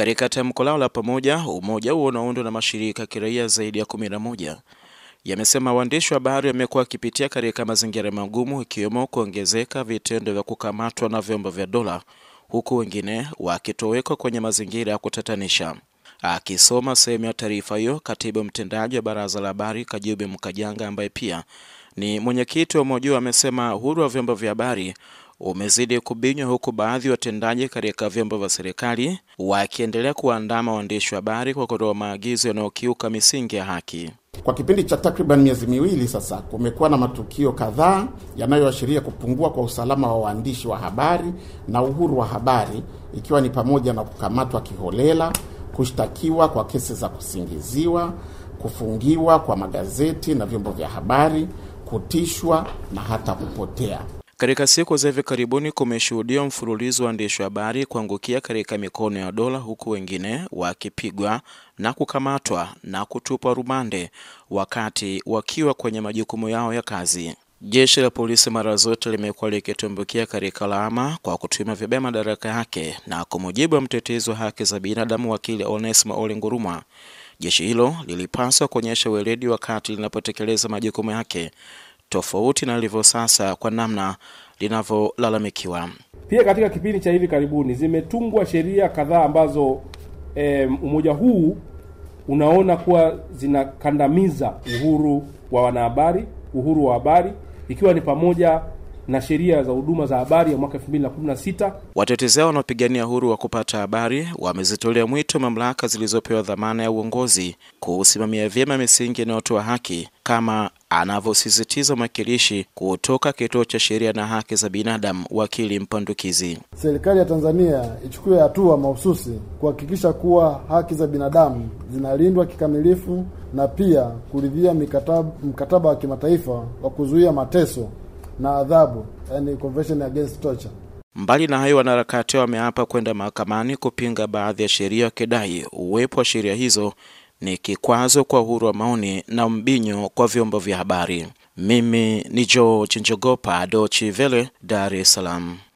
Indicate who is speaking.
Speaker 1: Katika tamko lao la pamoja, umoja huo unaundwa na mashirika ya kiraia zaidi ya kumi na moja yamesema waandishi wa habari wamekuwa wakipitia katika mazingira magumu, ikiwemo kuongezeka vitendo vya kukamatwa na vyombo vya dola, huku wengine wakitowekwa kwenye mazingira ya kutatanisha. Akisoma sehemu ya taarifa hiyo, katibu mtendaji wa baraza la habari Kajubi Mkajanga, ambaye pia ni mwenyekiti wa umoja huo, amesema uhuru wa vyombo vya habari umezidi kubinywa, huku baadhi ya watendaji katika vyombo vya serikali wakiendelea kuandama waandishi wa habari kwa kutoa maagizo yanayokiuka misingi ya haki.
Speaker 2: Kwa kipindi cha takriban miezi miwili sasa, kumekuwa na matukio kadhaa yanayoashiria kupungua kwa usalama wa waandishi wa habari na uhuru wa habari, ikiwa ni pamoja na kukamatwa kiholela, kushtakiwa kwa kesi za kusingiziwa, kufungiwa kwa magazeti na vyombo vya habari, kutishwa na hata kupotea.
Speaker 1: Katika siku za hivi karibuni kumeshuhudia mfululizo wa waandishi wa habari kuangukia katika mikono ya dola, huku wengine wakipigwa na kukamatwa na kutupwa rumande wakati wakiwa kwenye majukumu yao ya kazi. Jeshi la polisi mara zote limekuwa likitumbukia katika lawama kwa kutumia vibaya madaraka yake, na kwa mujibu wa mtetezi wa haki za binadamu wakili Onesmo Ole Ngurumwa, jeshi hilo lilipaswa kuonyesha weledi wakati linapotekeleza majukumu yake tofauti na ilivyo sasa kwa namna linavyolalamikiwa.
Speaker 3: Pia katika kipindi cha hivi karibuni zimetungwa sheria kadhaa ambazo e, umoja huu unaona kuwa zinakandamiza uhuru wa wanahabari, uhuru wa habari, ikiwa ni pamoja na sheria za huduma za habari ya mwaka 2016.
Speaker 1: Watetezi wanaopigania uhuru wa kupata habari wamezitolea mwito mamlaka zilizopewa dhamana ya uongozi kuusimamia vyema misingi inayotoa haki kama anavyosisitiza mwakilishi kutoka kituo cha sheria na haki za binadamu, wakili Mpandukizi.
Speaker 4: Serikali ya Tanzania ichukue hatua mahususi kuhakikisha kuwa haki za binadamu zinalindwa kikamilifu na pia kuridhia mkataba wa kimataifa wa kuzuia mateso na adhabu, yani convention against torture.
Speaker 1: Mbali na hayo, wanaharakati wameapa kwenda mahakamani kupinga baadhi ya sheria, wakidai uwepo wa sheria hizo ni kikwazo kwa uhuru wa maoni na mbinyo kwa vyombo vya habari. Mimi ni George Njogopa, Dochi Vele, Dar es Salaam.